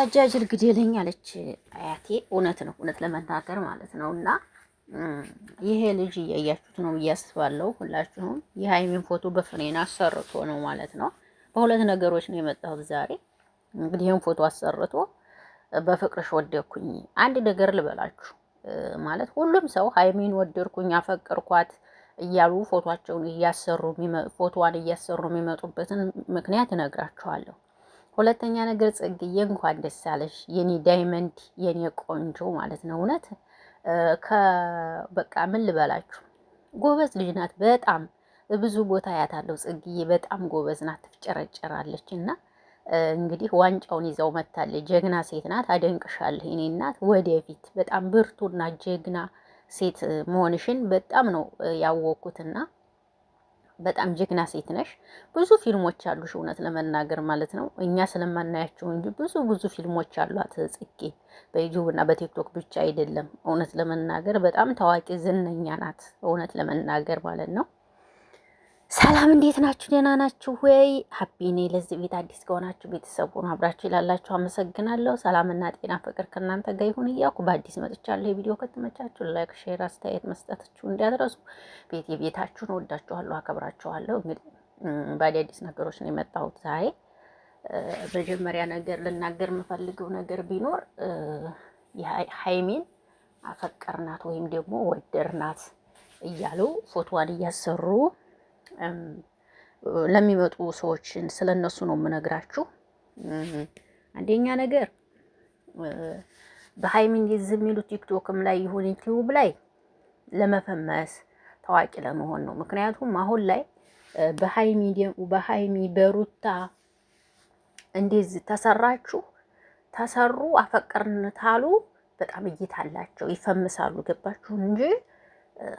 አጃጅል ግዴለኝ አለች አያቴ። እውነት ነው፣ እውነት ለመናገር ማለት ነው። እና ይሄ ልጅ እያያችሁት ነው እያስባለው ሁላችሁም። የሀይሚን ፎቶ በፍሬን አሰርቶ ነው ማለት ነው። በሁለት ነገሮች ነው የመጣሁት ዛሬ። እንግዲህ ይህን ፎቶ አሰርቶ በፍቅርሽ ወደኩኝ። አንድ ነገር ልበላችሁ ማለት ሁሉም ሰው ሀይሚን ወደድኩኝ፣ አፈቀርኳት እያሉ ፎቶቸውን እያሰሩ ፎቶዋን እያሰሩ የሚመጡበትን ምክንያት እነግራችኋለሁ። ሁለተኛ ነገር ጽግዬ እንኳን ደስ ያለሽ የኔ ዳይመንድ የኔ ቆንጆ ማለት ነው። እውነት በቃ ምን ልበላችሁ ጎበዝ ልጅ ናት። በጣም ብዙ ቦታ ያታለው ጽግዬ በጣም ጎበዝ ናት፣ ትፍጨረጨራለች እና እንግዲህ ዋንጫውን ይዘው መታለች። ጀግና ሴት ናት። አደንቅሻለሁ የኔ እናት። ወደፊት በጣም ብርቱና ጀግና ሴት መሆንሽን በጣም ነው ያወቅኩትና በጣም ጀግና ሴት ነሽ። ብዙ ፊልሞች አሉሽ እውነት ለመናገር ማለት ነው እኛ ስለማናያቸው እንጂ ብዙ ብዙ ፊልሞች አሏት ጽጌ። በዩቲዩብ እና በቲክቶክ ብቻ አይደለም። እውነት ለመናገር በጣም ታዋቂ ዝነኛ ናት። እውነት ለመናገር ማለት ነው ሰላም እንዴት ናችሁ? ደህና ናችሁ ወይ? ሀቢ ነኝ። ለዚህ ቤት አዲስ ከሆናችሁ ቤተሰቡን አብራችሁ ይላላችሁ አመሰግናለሁ። ሰላምና ጤና ፍቅር ከእናንተ ጋር ይሁን እያልኩ በአዲስ መጥቻለሁ። የቪዲዮ ከተመቻችሁ ላይክ፣ ሼር፣ አስተያየት መስጠታችሁ እንዲያደረሱ ቤት የቤታችሁን ወዳችኋለሁ፣ አከብራችኋለሁ። እንግዲህ በአዳዲስ ነገሮች ነው የመጣሁት ዛሬ። መጀመሪያ ነገር ልናገር የምፈልገው ነገር ቢኖር ሀይሚን አፈቀርናት ወይም ደግሞ ወደርናት እያሉ ፎቶዋን እያሰሩ ለሚመጡ ሰዎችን ስለ እነሱ ነው የምነግራችሁ። አንደኛ ነገር በሀይሚ እንደዚህ የሚሉ ቲክቶክም ላይ ይሁን ዩቲዩብ ላይ ለመፈመስ ታዋቂ ለመሆን ነው። ምክንያቱም አሁን ላይ በሀይሚ በሀይሚ በሩታ እንደዚህ ተሰራችሁ ተሰሩ አፈቀርን ታሉ በጣም እይታላቸው ይፈምሳሉ። ገባችሁ እንጂ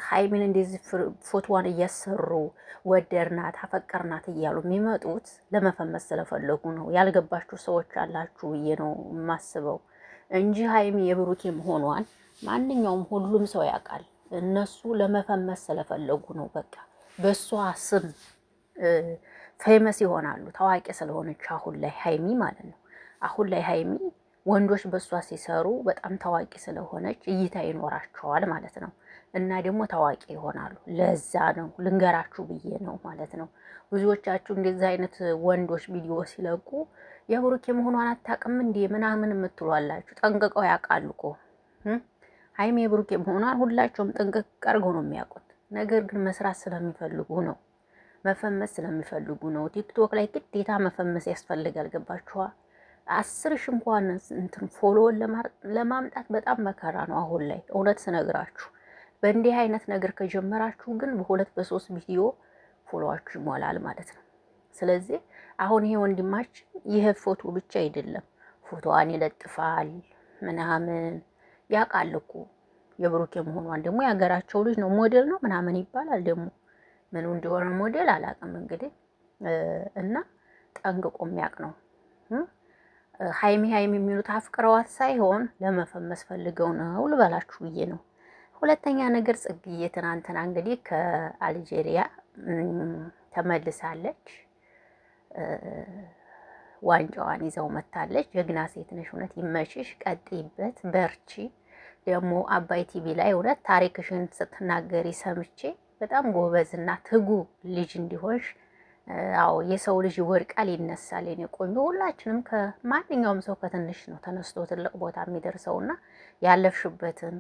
ሀይሚን እንደዚህ ፎቶዋን እያሰሩ ወደድናት አፈቀርናት እያሉ የሚመጡት ለመፈመስ ስለፈለጉ ነው። ያልገባችሁ ሰዎች አላችሁ ብዬ ነው የማስበው እንጂ ሀይሚ የብሩኬ መሆኗን ማንኛውም ሁሉም ሰው ያውቃል። እነሱ ለመፈመስ ስለፈለጉ ነው። በቃ በእሷ ስም ፌመስ ይሆናሉ። ታዋቂ ስለሆነች አሁን ላይ ሀይሚ ማለት ነው። አሁን ላይ ሀይሚ ወንዶች በእሷ ሲሰሩ በጣም ታዋቂ ስለሆነች እይታ ይኖራቸዋል ማለት ነው። እና ደግሞ ታዋቂ ይሆናሉ። ለዛ ነው ልንገራችሁ ብዬ ነው ማለት ነው። ብዙዎቻችሁ እንደዚህ አይነት ወንዶች ቪዲዮ ሲለቁ የብሩኬ መሆኗን አታውቅም እንዴ ምናምን የምትሏላችሁ፣ ጠንቅቀው ያውቃሉ እኮ ሀይሚ የብሩኬ መሆኗን ሁላቸውም ጠንቅቅ አድርገው ነው የሚያውቁት። ነገር ግን መስራት ስለሚፈልጉ ነው፣ መፈመስ ስለሚፈልጉ ነው። ቲክቶክ ላይ ግዴታ መፈመስ ያስፈልጋል። ገባችኋል? አስር ሺ እንኳን እንትን ፎሎውን ለማምጣት በጣም መከራ ነው አሁን ላይ እውነት ስነግራችሁ። በእንዲህ አይነት ነገር ከጀመራችሁ ግን በሁለት በሶስት ቪዲዮ ፎሎዋችሁ ይሞላል ማለት ነው። ስለዚህ አሁን ይሄ ወንድማችን ይህ ፎቶ ብቻ አይደለም ፎቶዋን ይለጥፋል ምናምን ያውቃል እኮ የብሩኬ መሆኗን ደግሞ የሀገራቸው ልጅ ነው ሞዴል ነው ምናምን ይባላል ደግሞ ምኑ እንደሆነ ሞዴል አላውቅም እንግዲህ እና ጠንቅቆ የሚያውቅ ነው። ሀይሚ ሀይሚ የሚሉት አፍቅረዋት ሳይሆን ለመፈመስ ፈልገው ነው ልበላችሁ ብዬ ነው። ሁለተኛ ነገር ጽግዬ ትናንትና እንግዲህ ከአልጄሪያ ተመልሳለች። ዋንጫዋን ይዘው መታለች። ጀግና ሴት ነሽ፣ እውነት ይመችሽ፣ ቀጥይበት፣ በርቺ። ደግሞ አባይ ቲቪ ላይ እውነት ታሪክሽን ስትናገሪ ሰምቼ በጣም ጎበዝና ትጉ ልጅ እንዲሆንሽ አዎ የሰው ልጅ ይወድቃል፣ ይነሳል። የኔ ቆንጆ ሁላችንም ከማንኛውም ሰው ከትንሽ ነው ተነስቶ ትልቅ ቦታ የሚደርሰውና ያለፍሽበትን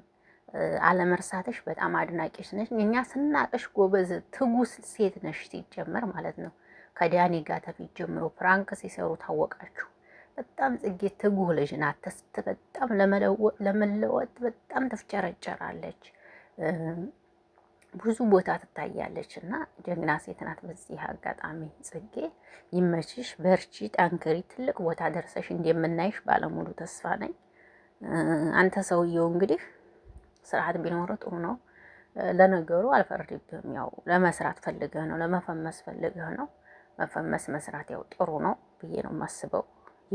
አለመርሳትሽ በጣም አድናቂሽ ነሽ። እኛ ስናቅሽ ጎበዝ ትጉስ ሴት ነሽ ሲጀመር ማለት ነው። ከዳኒ ጋር ተፊት ጀምሮ ፕራንክ ሲሰሩ ታወቃችሁ። በጣም ጽጌ ትጉህ ልጅ ናት። በጣም ለመለወጥ በጣም ትፍጨረጨራለች። ብዙ ቦታ ትታያለች እና ጀግና ሴት ናት። በዚህ አጋጣሚ ጽጌ ይመችሽ፣ በርቺ፣ ጠንክሪ። ትልቅ ቦታ ደርሰሽ እንደምናይሽ ባለሙሉ ተስፋ ነኝ። አንተ ሰውየው እንግዲህ ስርዓት ቢኖረ ጥሩ ነው። ለነገሩ አልፈርድብም ያው ለመስራት ፈልገህ ነው፣ ለመፈመስ ፈልገህ ነው። መፈመስ መስራት ያው ጥሩ ነው ብዬ ነው የማስበው።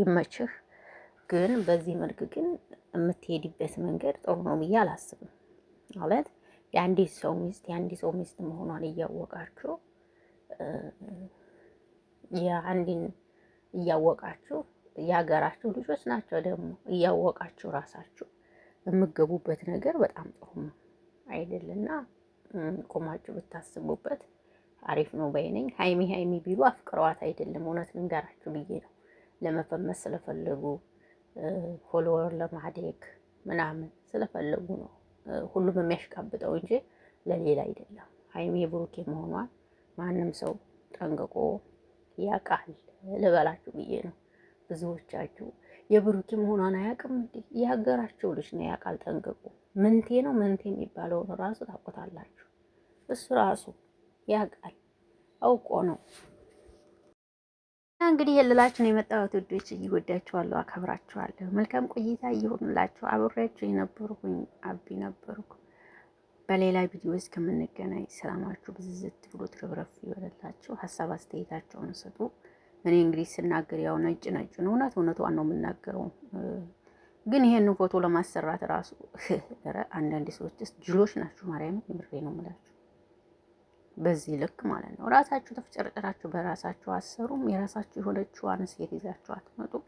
ይመችህ። ግን በዚህ መልክ ግን የምትሄድበት መንገድ ጥሩ ነው ብዬ አላስብም ማለት የአንዲት ሰው ሚስት የአንዲት ሰው ሚስት መሆኗን እያወቃችሁ የአንድን እያወቃችሁ የሀገራችሁ ልጆች ናቸው ደግሞ እያወቃችሁ ራሳችሁ የምገቡበት ነገር በጣም ጥሩ ነው አይደልና ቆማችሁ ብታስቡበት አሪፍ ነው በይነኝ። ሀይሚ ሀይሚ ቢሉ አፍቅረዋት አይደለም፣ እውነት ልንገራችሁ ብዬ ነው። ለመፈመስ ስለፈለጉ ፎሎወር ለማደግ ምናምን ስለፈለጉ ነው ሁሉም የሚያሽቃብጠው እንጂ ለሌላ አይደለም። ሀይሚ የብሩኬ መሆኗን ማንም ሰው ጠንቅቆ ያውቃል ልበላችሁ ብዬ ነው። ብዙዎቻችሁ የብሩኬ መሆኗን አያውቅም እንዴ? የሀገራችሁ ልጅ ነው ያውቃል ጠንቅቆ። ምንቴ ነው ምንቴ የሚባለውን ራሱ ታውቁታላችሁ። እሱ ራሱ ያውቃል አውቆ ነው እንግዲህ የልላችሁ ነው የመጣሁት። ውዶች እወዳችኋለሁ፣ አከብራችኋለሁ። መልካም ቆይታ እየሆኑላችሁ አብሬያችሁ የነበርኩኝ አቢ ነበርኩ። በሌላ ቪዲዮ እስከምንገናኝ ሰላማችሁ ብዝዝት ብሎ ትርፍረፍ ይበለላችሁ። ሀሳብ አስተያየታቸውን ስጡ። እኔ እንግዲህ ስናገር ያው ነጭ ነጭ ነው፣ እውነት እውነቷን ነው የምናገረው። ግን ይሄንን ፎቶ ለማሰራት ራሱ አንዳንድ ሰዎች ጅሎች ናችሁ። ማርያም ምሬ ነው የምላችሁ። በዚህ ልክ ማለት ነው። ራሳችሁ ተፍጨርጨራችሁ በራሳችሁ አሰሩም የራሳችሁ የሆነችዋን ሴት ይዛችሁ አትመጡም።